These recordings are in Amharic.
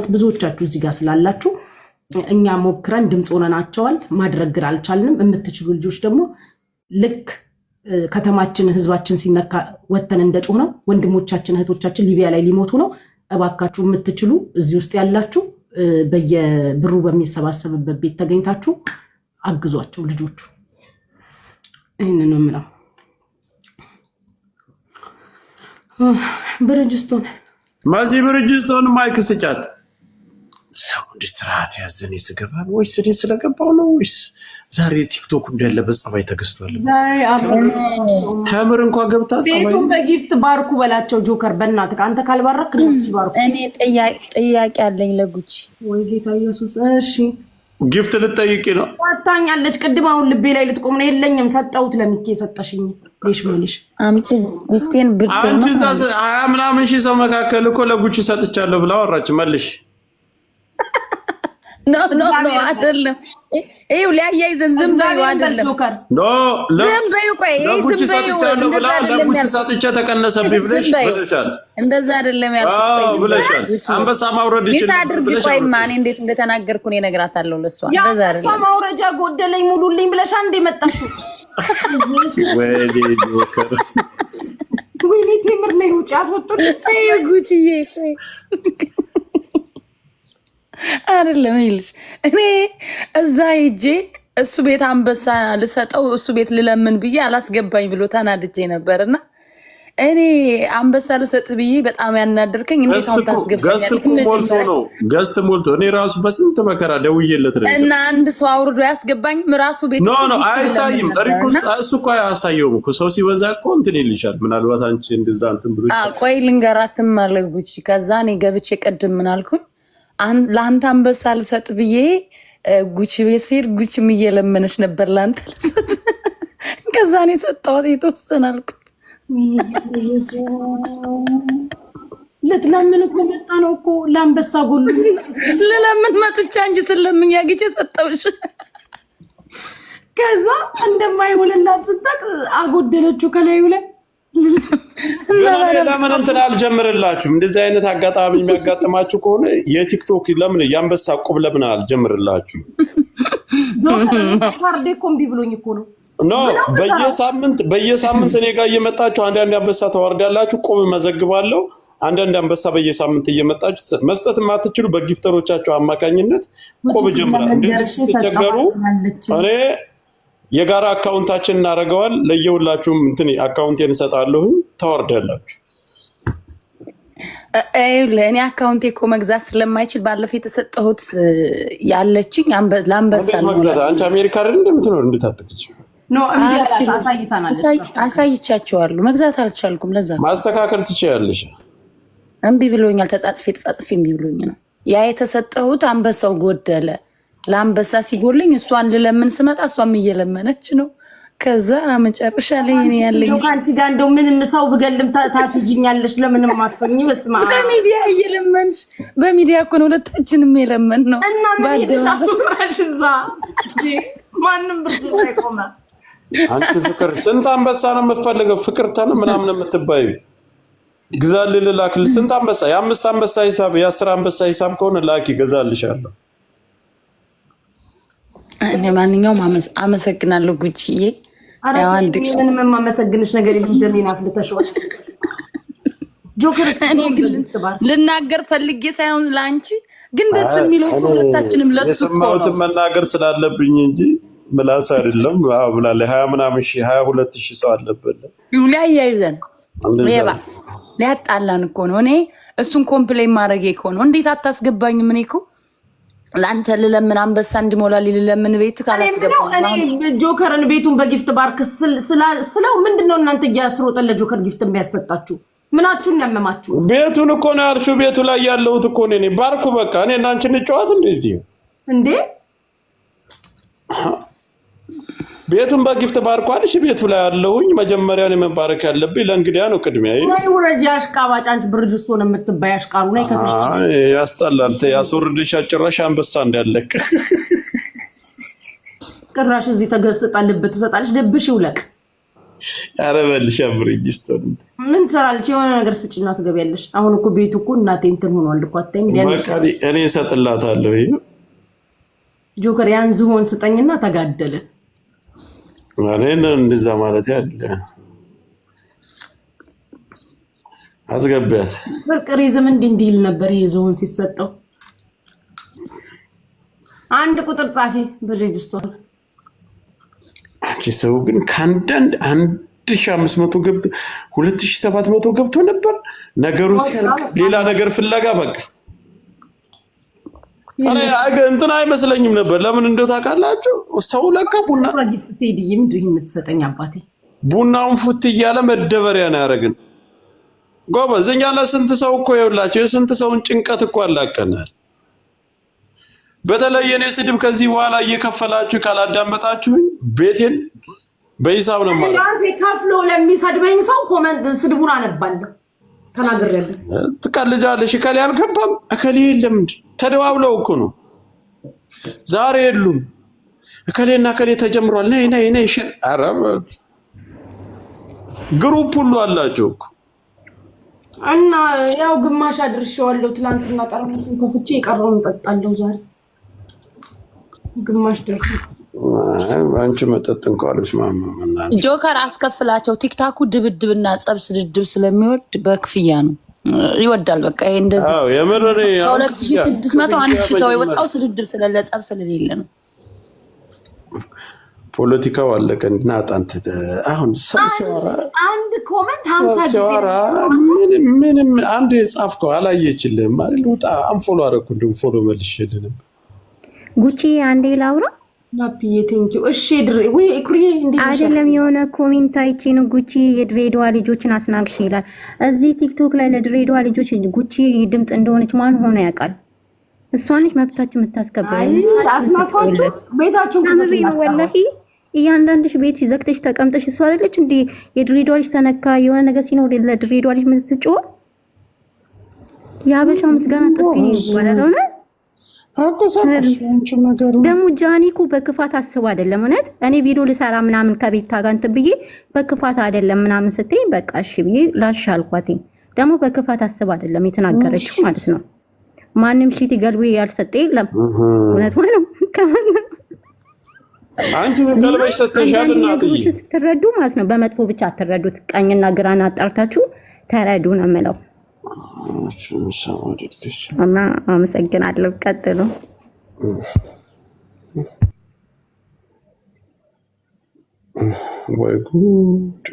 አመት ብዙዎቻችሁ እዚህ ጋር ስላላችሁ እኛ ሞክረን ድምፅ ሆነናቸዋል። ማድረግ ግን አልቻልንም። የምትችሉ ልጆች ደግሞ ልክ ከተማችን ህዝባችን ሲነካ ወተን እንደ ነው። ወንድሞቻችን እህቶቻችን ሊቢያ ላይ ሊሞቱ ነው። እባካችሁ የምትችሉ እዚህ ውስጥ ያላችሁ በየብሩ በሚሰባሰብበት ቤት ተገኝታችሁ አግዟቸው ልጆቹ። ይህን ነው የምለው። ብርጅስቶን በዚህ ብርጅስቶን ማይክ ስጫት ሰው እንዴት ስርዓት ያዘን ይስገባል ወይስ እኔ ስለገባው ነው ወይስ ዛሬ ቲክቶክ እንዳለ በጸባይ ተገዝቷል። ተምር እንኳ ገብታ ቤቱን በጊፍት ባርኩ በላቸው። ጆከር በእናት አንተ ካልባረክ ባርኩ። እኔ ጥያቄ አለኝ ለጉቺ። ወይ ጌታ ኢየሱስ። እሺ ጊፍት ልጠይቅ ነው። ታኛለች። ቅድም አሁን ልቤ ላይ ልትቆም ነው። የለኝም ሰጠሁት ለሚኬ ሰጠሽኝ። ሽ መልሽ ምናምን ሺህ ሰው መካከል እኮ ለጉቺ ሰጥቻለሁ ብላ አወራች። መልሽ ኖ ኖ ኖ አይደለም። ይኸው ሊያያይዘን ዝም በይው አይደለም። ኖ ዝም በይው፣ ቆይ ዝም በይው። ለጉቺ ተቀነሰብኝ ብለሽ እንደዛ አይደለም ያልኩት ብለሻል። አንበሳ ማውረድ ይችላል። ቤት ቆይማ እኔ እንዴት እንደተናገርኩ እኔ እነግራታለሁ ለእሷ። እንደዛ አይደለም። አንበሳ ማውረጃ ጎደለኝ ሙሉልኝ ብለሽ አንዴ መጣሽ። ወይኔ ጆከር ወይኔ፣ ቴምር ነይ ውጪ፣ አስወጡልኝ። ጉቺዬ አይደለም ይልሽ እኔ እዛ ሄጄ እሱ ቤት አንበሳ ልሰጠው እሱ ቤት ልለምን ብዬ አላስገባኝ ብሎ ተናድጄ ነበር እና እኔ አንበሳ ልሰጥ ብዬ በጣም ያናደርከኝ እንዴት አሁን ሞልቶ ነው ገዝት ሞልቶ እኔ ራሱ በስንት መከራ ደውዬለት እና አንድ ሰው አውርዶ ያስገባኝም ራሱ ቤት አይታይም። እሱ እኮ አያሳየውም እኮ ሰው ሲበዛ እኮ እንትን ይልሻል። ምናልባት አንቺ እንደዛ እንትን ብሎ ቆይ ልንገራትም አለ ጉቺ። ከዛ እኔ ገብቼ ቅድም ምናልኩኝ ለአንተ አንበሳ ልሰጥ ብዬ ጉቺ ቤት ስሄድ ጉቺም እየለመነች ነበር ለአንተ ልሰጥ። ከዛ እኔ ሰጠኋት የተወሰነ አልኩት። ልትለምን እኮ መጣ ነው እኮ ለአንበሳ ጎሉ ልለምን መጥቻ እንጂ ስለምኝ ያግጭ ሰጠውሽ። ከዛ እንደማይሆንላት ስታቅ አጎደለችው ከላዩ ላይ ለምን እንትን አልጀምርላችሁም? እንደዚህ አይነት አጋጣሚ የሚያጋጥማችሁ ከሆነ የቲክቶክ ለምን የአንበሳ ቁብ ለምን አልጀምርላችሁም? ካርዴ እኮ እምቢ ብሎኝ እኮ ነው። ኖ በየሳምንት በየሳምንት እኔ ጋር እየመጣችሁ አንዳንድ አንበሳ ተዋርዳላችሁ፣ ቁብ መዘግባለሁ። አንዳንድ አንበሳ በየሳምንት እየመጣችሁ መስጠት የማትችሉ በጊፍተሮቻችሁ አማካኝነት ቁብ ጀምራል። እንደዚህ ስትቸገሩ እኔ የጋራ አካውንታችን እናደርገዋል። ለየሁላችሁም እንትን አካውንቴን እሰጣለሁ። ታወርዳላችሁ። ለእኔ አካውንቴ እኮ መግዛት ስለማይችል ባለፈ የተሰጠሁት ያለችኝ ለአንበሳ አንቺ አሜሪካ እንደምትኖር እንድታትቅች አሳይቻቸዋለሁ። መግዛት አልቻልኩም። ለዛ ማስተካከል ትችያለሽ። እምቢ ብሎኛል። ተጻጽፌ ተጻጽፌ እምቢ ብሎኝ ነው ያ የተሰጠሁት። አንበሳው ጎደለ ለአንበሳ ሲጎልኝ እሷን ልለምን ስመጣ እሷም እየለመነች ነው። ከዛ መጨረሻ ላይ እኔ ያለኝ ከአንቺ ጋር እንደው ምንም ሰው ብገልም ታስይኛለሽ። ለምንም አትፈኝ። በስመ በሚዲያ እየለመንሽ በሚዲያ እኮ ነው ሁለታችንም የለመን ነው እና ምን ሄደሽ አሱራሽ እዛ ማንም ብርድ ቆመ። አንቺ ፍቅር ስንት አንበሳ ነው የምትፈልገው? ፍቅርተን ምናምን የምትባዩ ግዛልህ ልላክልህ። ስንት አንበሳ? የአምስት አንበሳ ሂሳብ የአስር አንበሳ ሂሳብ ከሆነ ላኪ ገዛልሻለሁ። እኔ ማንኛውም አመሰግናለሁ ጉቺዬ። ምንም የማመሰግንሽ ነገር ደሜን አፍልተሽዋል። ጆከር ልናገር ፈልጌ ሳይሆን ለአንቺ ግን ደስ የሚለው ሁለታችንም ለሱ የሰማሁትን መናገር ስላለብኝ እንጂ ምላስ አይደለም ብላ ሀያ ምናምን ሺህ ሀያ ሁለት ሺህ ሰው አለበት ሊያያይዘን ሌባ ሊያጣላን እኮ ነው። እኔ እሱን ኮምፕሌን ማድረጌ ከሆነ እንዴት አታስገባኝም? እኔ እኮ ለአንተ ልለምን አንበሳ እንዲሞላ ልለምን ቤት ካላስገባ ጆከርን ቤቱን በጊፍት ባርክ ስለው ምንድን ነው እናንተ እያስሮጠን ለጆከር ጊፍት የሚያሰጣችሁ ምናችሁን ያመማችሁ? ቤቱን እኮ ነው ያልሽው። ቤቱ ላይ ያለሁት እኮ እኔ ባርኩ። በቃ እኔ እናንቺን ጨዋት እንደዚህ እንዴ ቤቱን በጊፍ ተባርኳል። እሺ ቤቱ ላይ ያለውኝ መጀመሪያን የመባረክ ያለብኝ ለእንግዲያ ነው። ቅድሚያ ላይ ውረጅ። አሽቃባጭ አንቺ ብርድ ስትሆን የምትባይ አሽቃሩ ላይ ያስጠላል። ያስወርድሽ ጭራሽ አንበሳ እንዳለቅ ጭራሽ እዚህ ተገስጣልብ ትሰጣለች። ደብሽ ይውለቅ። ኧረ በልሽ አብረኝ ምን ትሰራለች? የሆነ ነገር ስጭና ትገቢያለሽ። አሁን እኮ ቤቱ እኮ እናቴ እንትን ሆኗል እኮ አታይም? እኔ እሰጥላታለሁ። ጆከር ያን ዝሆን ስጠኝና ተጋደልን እኔን እንደዛ ማለት ያለ አስገቢያት ፍቅሪዝም እንዲህ እንዲህ ነበር። ይሄ ዞን ሲሰጠው አንድ ቁጥር ጻፊ ብሬጅስቶር አንቺ ሰው ግን ከአንዳንድ አንድ ሺህ አምስት መቶ ገብቶ ሁለት ሺህ ሰባት መቶ ገብቶ ነበር ነገሩ ሲያልቅ ሌላ ነገር ፍለጋ በቃ እንትን አይመስለኝም ነበር። ለምን እንደው ታውቃላችሁ፣ ሰው ለካ ቡና የምትሰጠኝ አባቴ ቡናውን ፉት እያለ መደበሪያ ነው ያደረግን። ጎበዝ፣ እኛ ለስንት ሰው እኮ ይኸውላችሁ፣ የስንት ሰውን ጭንቀት እኮ አላቀናል። በተለይ የኔ ስድብ ከዚህ በኋላ እየከፈላችሁ ካላዳመጣችሁኝ ቤቴን በሂሳብ ነው ማለት ከፍሎ ለሚሰድበኝ ሰው ኮመንት ስድቡን አነባለሁ። ተናግሬያለሁ። ትቀልጃለሽ። እከሌ አልገባም እከሌ የለም እንደ ተደዋውለው እኮ ነው። ዛሬ የሉም እከሌና እከሌ ተጀምሯል። ነይ ነይ ነይ። እሺ፣ ኧረ ግሩፕ ሁሉ አላቸው እኮ እና ያው ግማሽ አድርሼዋለሁ። ትናንትና ጠርሙሱን ከፍቼ የቀረውን እጠጣለሁ ዛሬ ግማሽ ደርሶ አንቺ መጠጥ እንኳ አልስማማ። ጆከር አስከፍላቸው። ቲክታኩ ድብድብና ጸብ ስድድብ ስለሚወድ በክፍያ ነው ይወዳል። በቃ ይሄ እንደዚህ ከሁለት ሺህ ስድስት መቶ አንድ ሺህ ሰው የወጣው ስድድብ ስለሌለ ጸብ ስለሌለ ነው። ፖለቲካው አለቀ። እናጣንት አሁን ሰው ሲያወራ አንድ ኮመንት ሀምሳ ሲያወራ ምንም ምንም አንድ የጻፍከው አላየችልህም አይደል? አንፎሎ አደረኩ። እንዲሁም ፎሎ መልሼልህ ነበር። ጉቺ አንዴ ላውራ ላፒዬ ቴንኪው። እሺ ድሬ ወይ እኩሪዬ እንዴት አይደለም የሆነ ኮሜንት አይቼ ነው ጉቺ የድሬዳዋ ልጆችን አስናግሽ ይላል። እዚህ ቲክቶክ ላይ ለድሬዳዋ ልጆች ጉቺ ድምፅ እንደሆነች ማን ሆኖ ያውቃል? እሷ ነች መብታችን የምታስከብረው። አስናኳችሁ ቤታችሁ ወላሂ እያንዳንድሽ ቤት ዘግተሽ ተቀምጠሽ እሷ አይደለች እንዴ የድሬዳዋ ልጅ ተነካ የሆነ ነገር ሲኖር ለድሬዳዋ ልጅ ምትጮ የአበሻው ምስጋና ጥፊ ነው ይባላል ሆነ ደግሞ ጃኒ እኮ በክፋት አስቡ አይደለም። እውነት እኔ ቪዲዮ ልሰራ ምናምን ከቤታ ጋር እንትን ብዬ በክፋት አይደለም ምናምን ስትይኝ በቃ እሺ ብዬ ላሽ አልኳትኝ። ደግሞ በክፋት አስቡ አይደለም የተናገረችው ማለት ነው። ማንም ሺት ገልቡ ያልሰጠ የለም። እውነት ነው። አንቺ ገልበሽ ሰጥተሻል። እናትዬ ስትረዱ ማለት ነው። በመጥፎ ብቻ አትረዱት። ቀኝና ግራና አጣርታችሁ ተረዱ ነው የምለው እና አመሰግናለሁ። ቀጥሉ። ወይ ጉድ!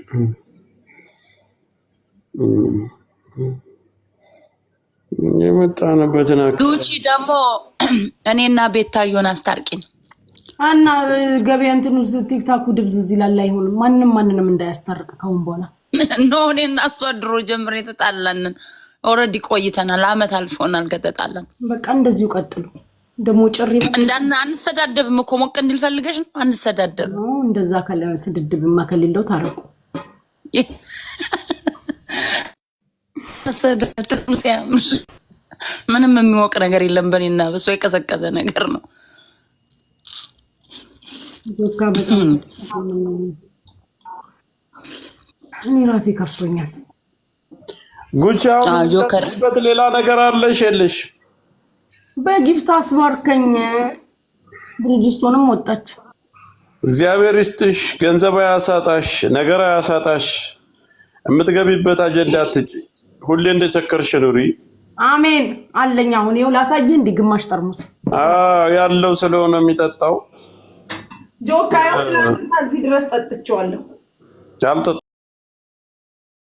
የመጣንበትን ጉቺ ደግሞ እኔና ቤታዮን አስታርቂን እና ገበያ እንትኑ ቲክታኩ ድብዝ ይላል አይሆንም። ማንም ማንንም እንዳያስታርቅ ከሁን በኋላ ኖ እኔ እና እሷ ድሮ ጀምር የተጣላንን ኦልሬዲ ቆይተናል። አመት አልፎናል ከተጣላን። በቃ እንደዚሁ ቀጥሉ። ደግሞ ጭሪ እንዳን አንሰዳደብም እኮ ሞቅ እንዲል ፈልገሽ ነው። አንሰዳደብም። እንደዛ ስድድብማ ከሌለው ታረቁ። ምንም የሚሞቅ ነገር የለም። በኔና በሷ የቀዘቀዘ ነገር ነው። እኔ ራሴ ከፍቶኛል። ጉቺ በት ሌላ ነገር አለሽ የለሽ? በጊፍት አስባርከኝ። ድርጅስቶንም ወጣች። እግዚአብሔር ይስጥሽ፣ ገንዘብ አያሳጣሽ፣ ነገር አያሳጣሽ። የምትገቢበት አጀንዳ አትጪ። ሁሌ እንደሰከርሽ ኑሪ። አሜን አለኝ። አሁን ይኸው ላሳየ እንዲ ግማሽ ጠርሙስ ያለው ስለሆነ የሚጠጣው ጆካ፣ ትናንትና እዚህ ድረስ ጠጥቼዋለሁ።